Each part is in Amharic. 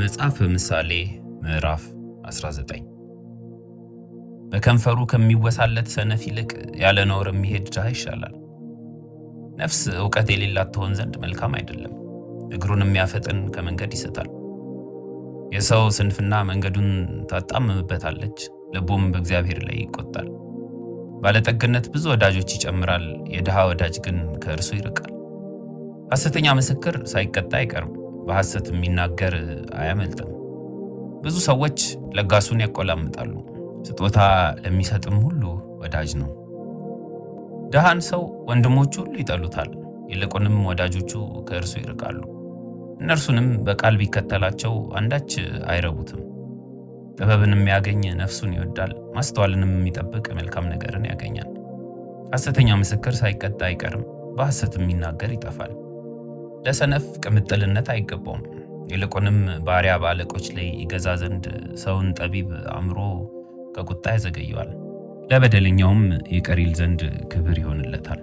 መጽሐፈ ምሳሌ ምዕራፍ 19 በከንፈሩ ከሚወሳለት ሰነፍ ይልቅ ያለ ነውር የሚሄድ ድሃ ይሻላል። ነፍስ እውቀት የሌላት ትሆን ዘንድ መልካም አይደለም፣ እግሩን የሚያፈጥን ከመንገድ ይስታል። የሰው ስንፍና መንገዱን ታጣምምበታለች፣ ልቡም በእግዚአብሔር ላይ ይቆጣል። ባለጠግነት ብዙ ወዳጆች ይጨምራል፣ የድሃ ወዳጅ ግን ከእርሱ ይርቃል። ሐሰተኛ ምስክር ሳይቀጣ አይቀርም፣ በሐሰት የሚናገር አያመልጥም። ብዙ ሰዎች ለጋሱን ያቆላምጣሉ። ስጦታ ለሚሰጥም ሁሉ ወዳጅ ነው። ድሃን ሰው ወንድሞቹ ሁሉ ይጠሉታል፣ ይልቁንም ወዳጆቹ ከእርሱ ይርቃሉ። እነርሱንም በቃል ቢከተላቸው አንዳች አይረቡትም። ጥበብን የሚያገኝ ነፍሱን ይወዳል፣ ማስተዋልንም የሚጠብቅ መልካም ነገርን ያገኛል። ሐሰተኛ ምስክር ሳይቀጣ አይቀርም፣ በሐሰት የሚናገር ይጠፋል። ለሰነፍ ቅምጥልነት አይገባውም። ይልቁንም ባሪያ በአለቆች ላይ ይገዛ ዘንድ ሰውን ጠቢብ አእምሮ ከቁጣ ያዘገየዋል፣ ለበደለኛውም ይቅር ዘንድ ክብር ይሆንለታል።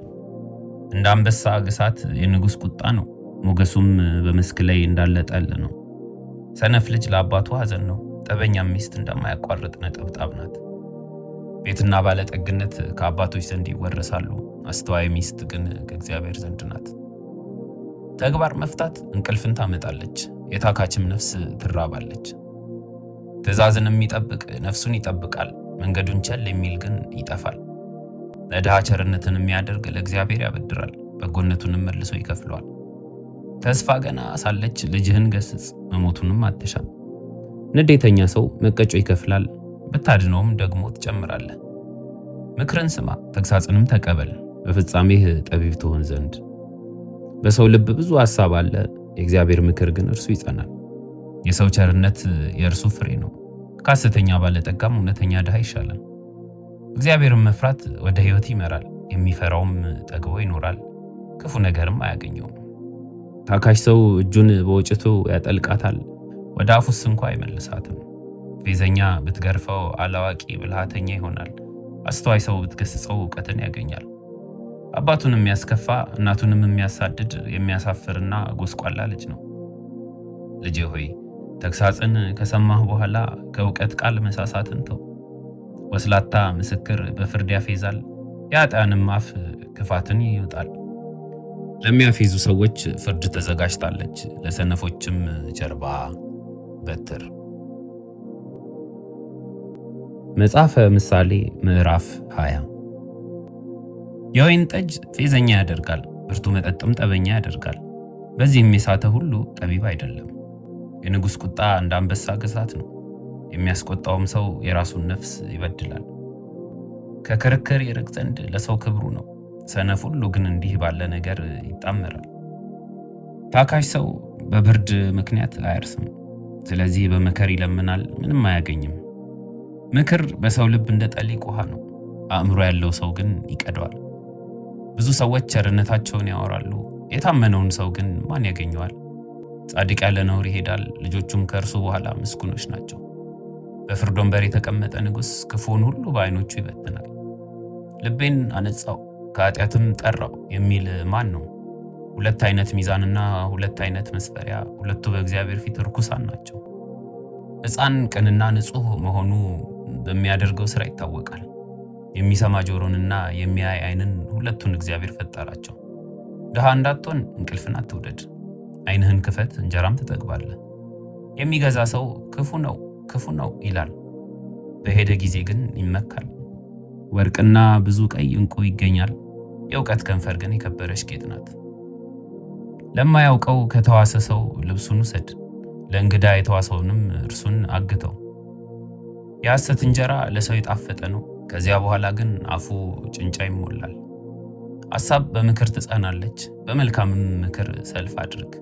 እንደ አንበሳ ግሳት የንጉሥ ቁጣ ነው፣ ሞገሱም በመስክ ላይ እንዳለ ጠል ነው። ሰነፍ ልጅ ለአባቱ ሐዘን ነው፣ ጠበኛ ሚስት እንደማያቋርጥ ነጠብጣብ ናት። ቤትና ባለጠግነት ከአባቶች ዘንድ ይወረሳሉ፣ አስተዋይ ሚስት ግን ከእግዚአብሔር ዘንድ ናት። ተግባር መፍታት እንቅልፍን ታመጣለች፣ የታካችም ነፍስ ትራባለች። ትእዛዝን የሚጠብቅ ነፍሱን ይጠብቃል፣ መንገዱን ቸል የሚል ግን ይጠፋል። ለድሃ ቸርነትን የሚያደርግ ለእግዚአብሔር ያበድራል፣ በጎነቱንም መልሶ ይከፍለዋል። ተስፋ ገና ሳለች ልጅህን ገስጽ፣ መሞቱንም አትሻ። ንዴተኛ ሰው መቀጮ ይከፍላል፣ ብታድነውም ደግሞ ትጨምራለህ። ምክርን ስማ፣ ተግሳጽንም ተቀበል፣ በፍጻሜህ ጠቢብ ትሆን ዘንድ በሰው ልብ ብዙ ሐሳብ አለ፣ የእግዚአብሔር ምክር ግን እርሱ ይጸናል። የሰው ቸርነት የእርሱ ፍሬ ነው። ከሐሰተኛ ባለጠጋም እውነተኛ ድሃ ይሻላል። እግዚአብሔርን መፍራት ወደ ሕይወት ይመራል፣ የሚፈራውም ጠግቦ ይኖራል፣ ክፉ ነገርም አያገኘውም። ታካሽ ሰው እጁን በወጭቱ ያጠልቃታል፣ ወደ አፉስ እንኳ አይመልሳትም። ፌዘኛ ብትገርፈው አላዋቂ ብልሃተኛ ይሆናል፣ አስተዋይ ሰው ብትገስጸው እውቀትን ያገኛል። አባቱን የሚያስከፋ እናቱንም የሚያሳድድ የሚያሳፍርና ጎስቋላ ልጅ ነው። ልጄ ሆይ ተግሳጽን ከሰማህ በኋላ ከእውቀት ቃል መሳሳትን ተው። ወስላታ ምስክር በፍርድ ያፌዛል፣ የኃጥኣንም አፍ ክፋትን ይውጣል። ለሚያፌዙ ሰዎች ፍርድ ተዘጋጅታለች፣ ለሰነፎችም ጀርባ በትር። መጽሐፈ ምሳሌ ምዕራፍ 20 የወይን ጠጅ ፌዘኛ ያደርጋል፣ ብርቱ መጠጥም ጠበኛ ያደርጋል። በዚህም የሳተ ሁሉ ጠቢብ አይደለም። የንጉሥ ቁጣ እንደ አንበሳ ግሳት ነው፣ የሚያስቆጣውም ሰው የራሱን ነፍስ ይበድላል። ከክርክር ይርቅ ዘንድ ለሰው ክብሩ ነው፣ ሰነፍ ሁሉ ግን እንዲህ ባለ ነገር ይጣመራል። ታካሽ ሰው በብርድ ምክንያት አያርስም፣ ስለዚህ በመከር ይለምናል፣ ምንም አያገኝም። ምክር በሰው ልብ እንደ ጠሊቅ ውሃ ነው፣ አእምሮ ያለው ሰው ግን ይቀደዋል። ብዙ ሰዎች ቸርነታቸውን ያወራሉ፣ የታመነውን ሰው ግን ማን ያገኘዋል? ጻድቅ ያለ ነውር ይሄዳል፣ ልጆቹም ከእርሱ በኋላ ምስጉኖች ናቸው። በፍርድ ወንበር የተቀመጠ ንጉሥ ክፉውን ሁሉ በዓይኖቹ ይበትናል። ልቤን አነጻው ከኃጢአትም ጠራው የሚል ማን ነው? ሁለት አይነት ሚዛንና ሁለት አይነት መስፈሪያ፣ ሁለቱ በእግዚአብሔር ፊት ርኩሳን ናቸው። ሕፃን ቅንና ንጹሕ መሆኑ በሚያደርገው ሥራ ይታወቃል። የሚሰማ ጆሮንና የሚያይ አይንን ሁለቱን እግዚአብሔር ፈጠራቸው። ድሃ እንዳትሆን እንቅልፍን አትውደድ፣ አይንህን ክፈት፣ እንጀራም ትጠግባለህ። የሚገዛ ሰው ክፉ ነው ክፉ ነው ይላል፣ በሄደ ጊዜ ግን ይመካል። ወርቅና ብዙ ቀይ ዕንቁ ይገኛል፣ የእውቀት ከንፈር ግን የከበረች ጌጥ ናት። ለማያውቀው ከተዋሰ ሰው ልብሱን ውሰድ፣ ለእንግዳ የተዋሰውንም እርሱን አግተው። የሐሰት እንጀራ ለሰው የጣፈጠ ነው ከዚያ በኋላ ግን አፉ ጭንጫ ይሞላል። አሳብ በምክር ትጸናለች። በመልካም ምክር ሰልፍ አድርግ።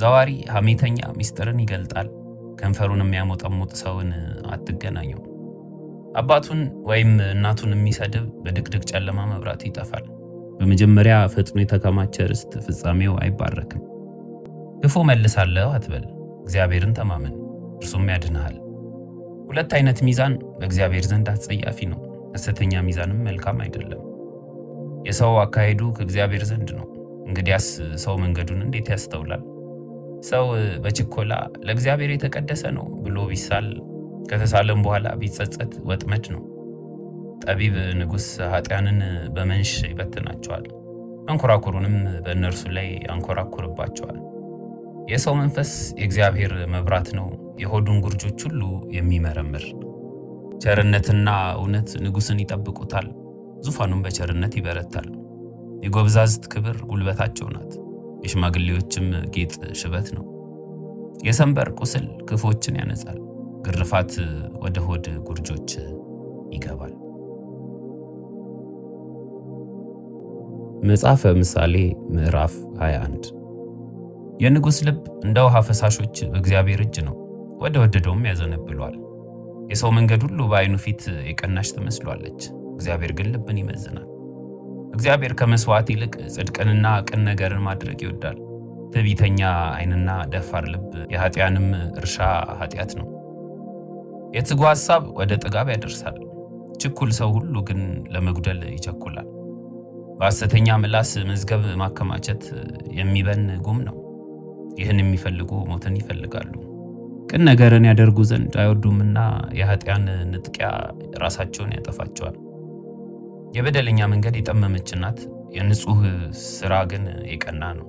ዘዋሪ ሐሜተኛ ምስጢርን ይገልጣል። ከንፈሩን የሚያሞጠሙጥ ሰውን አትገናኘው። አባቱን ወይም እናቱን የሚሰድብ በድቅድቅ ጨለማ መብራት ይጠፋል። በመጀመሪያ ፈጥኖ የተከማቸ ርስት ፍጻሜው አይባረክም። ክፉ መልሳለሁ አትበል፣ እግዚአብሔርን ተማመን፣ እርሱም ያድንሃል። ሁለት አይነት ሚዛን በእግዚአብሔር ዘንድ አጸያፊ ነው፣ ሐሰተኛ ሚዛንም መልካም አይደለም። የሰው አካሄዱ ከእግዚአብሔር ዘንድ ነው። እንግዲያስ ሰው መንገዱን እንዴት ያስተውላል? ሰው በችኮላ ለእግዚአብሔር የተቀደሰ ነው ብሎ ቢሳል ከተሳለም በኋላ ቢጸጸት ወጥመድ ነው። ጠቢብ ንጉሥ ኃጢያንን በመንሽ ይበትናቸዋል፣ መንኮራኩሩንም በእነርሱ ላይ ያንኮራኩርባቸዋል። የሰው መንፈስ የእግዚአብሔር መብራት ነው የሆዱን ጉርጆች ሁሉ የሚመረምር ቸርነትና እውነት ንጉሥን ይጠብቁታል፣ ዙፋኑም በቸርነት ይበረታል። የጎብዛዝት ክብር ጉልበታቸው ናት፣ የሽማግሌዎችም ጌጥ ሽበት ነው። የሰንበር ቁስል ክፎችን ያነጻል፣ ግርፋት ወደ ሆድ ጉርጆች ይገባል። መጽሐፈ ምሳሌ ምዕራፍ 21 የንጉሥ ልብ እንደ ውሃ ፈሳሾች በእግዚአብሔር እጅ ነው። ወደ ወደደውም ያዘነብሏል። የሰው መንገድ ሁሉ በአይኑ ፊት የቀናች ትመስሏለች፣ እግዚአብሔር ግን ልብን ይመዝናል። እግዚአብሔር ከመስዋዕት ይልቅ ጽድቅንና ቅን ነገርን ማድረግ ይወዳል። ትዕቢተኛ አይንና ደፋር ልብ የኃጢያንም እርሻ ኃጢአት ነው። የትጉ ሐሳብ ወደ ጥጋብ ያደርሳል፣ ችኩል ሰው ሁሉ ግን ለመጉደል ይቸኩላል። በሐሰተኛ ምላስ መዝገብ ማከማቸት የሚበን ጉም ነው። ይህን የሚፈልጉ ሞትን ይፈልጋሉ። ቅን ነገርን ያደርጉ ዘንድ አይወዱምና የኃጢያን ንጥቂያ ራሳቸውን ያጠፋቸዋል። የበደለኛ መንገድ የጠመመች ናት፣ የንጹህ ስራ ግን የቀና ነው።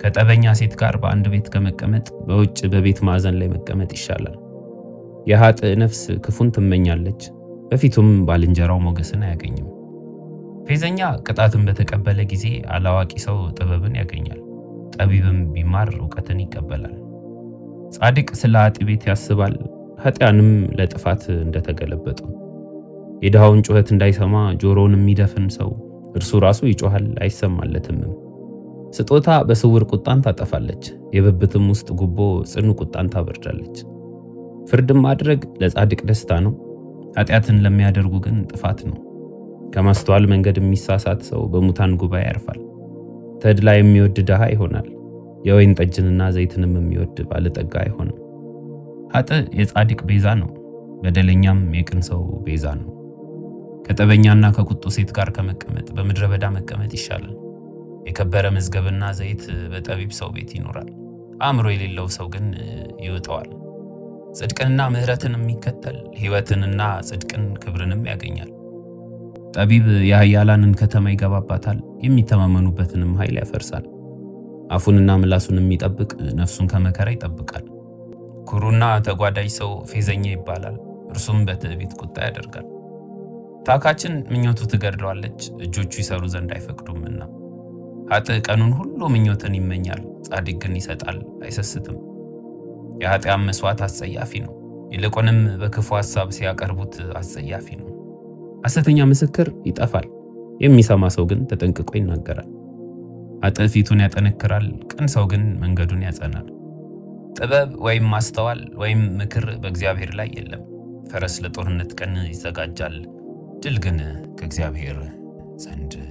ከጠበኛ ሴት ጋር በአንድ ቤት ከመቀመጥ በውጭ በቤት ማዕዘን ላይ መቀመጥ ይሻላል። የሀጥ ነፍስ ክፉን ትመኛለች፣ በፊቱም ባልንጀራው ሞገስን አያገኝም። ፌዘኛ ቅጣትን በተቀበለ ጊዜ አላዋቂ ሰው ጥበብን ያገኛል፣ ጠቢብም ቢማር እውቀትን ይቀበላል። ጻድቅ ስለ አጥ ቤት ያስባል፣ ኃጢያንም ለጥፋት እንደተገለበጡ። የድሃውን ጩኸት እንዳይሰማ ጆሮውን የሚደፍን ሰው እርሱ ራሱ ይጮሃል አይሰማለትም። ስጦታ በስውር ቁጣን ታጠፋለች፣ የብብትም ውስጥ ጉቦ ጽኑ ቁጣን ታበርዳለች። ፍርድን ማድረግ ለጻድቅ ደስታ ነው፣ ኃጢያትን ለሚያደርጉ ግን ጥፋት ነው። ከማስተዋል መንገድ የሚሳሳት ሰው በሙታን ጉባኤ ያርፋል። ተድላ የሚወድ ድሃ ይሆናል። የወይን ጠጅንና ዘይትንም የሚወድ ባለጠጋ አይሆንም። ኃጥ የጻድቅ ቤዛ ነው፣ በደለኛም የቅን ሰው ቤዛ ነው። ከጠበኛና ከቁጡ ሴት ጋር ከመቀመጥ በምድረ በዳ መቀመጥ ይሻላል። የከበረ መዝገብና ዘይት በጠቢብ ሰው ቤት ይኖራል፣ አእምሮ የሌለው ሰው ግን ይውጠዋል። ጽድቅንና ምሕረትን የሚከተል ሕይወትንና ጽድቅን ክብርንም ያገኛል። ጠቢብ የኃያላንን ከተማ ይገባባታል፣ የሚተማመኑበትንም ኃይል ያፈርሳል። አፉንና ምላሱን የሚጠብቅ ነፍሱን ከመከራ ይጠብቃል። ኩሩና ተጓዳጅ ሰው ፌዘኛ ይባላል፣ እርሱም በትዕቢት ቁጣ ያደርጋል። ታካችን ምኞቱ ትገድለዋለች፣ እጆቹ ይሰሩ ዘንድ አይፈቅዱምና። ኃጥእ ቀኑን ሁሉ ምኞትን ይመኛል፣ ጻድቅ ግን ይሰጣል አይሰስትም። የኃጢአን መስዋዕት አስጸያፊ ነው፣ ይልቁንም በክፉ ሐሳብ ሲያቀርቡት አስጸያፊ ነው። ሐሰተኛ ምስክር ይጠፋል፣ የሚሰማ ሰው ግን ተጠንቅቆ ይናገራል። አጥር ፊቱን ያጠነክራል፣ ቅን ሰው ግን መንገዱን ያጸናል። ጥበብ ወይም ማስተዋል ወይም ምክር በእግዚአብሔር ላይ የለም። ፈረስ ለጦርነት ቀን ይዘጋጃል፣ ድል ግን ከእግዚአብሔር ዘንድ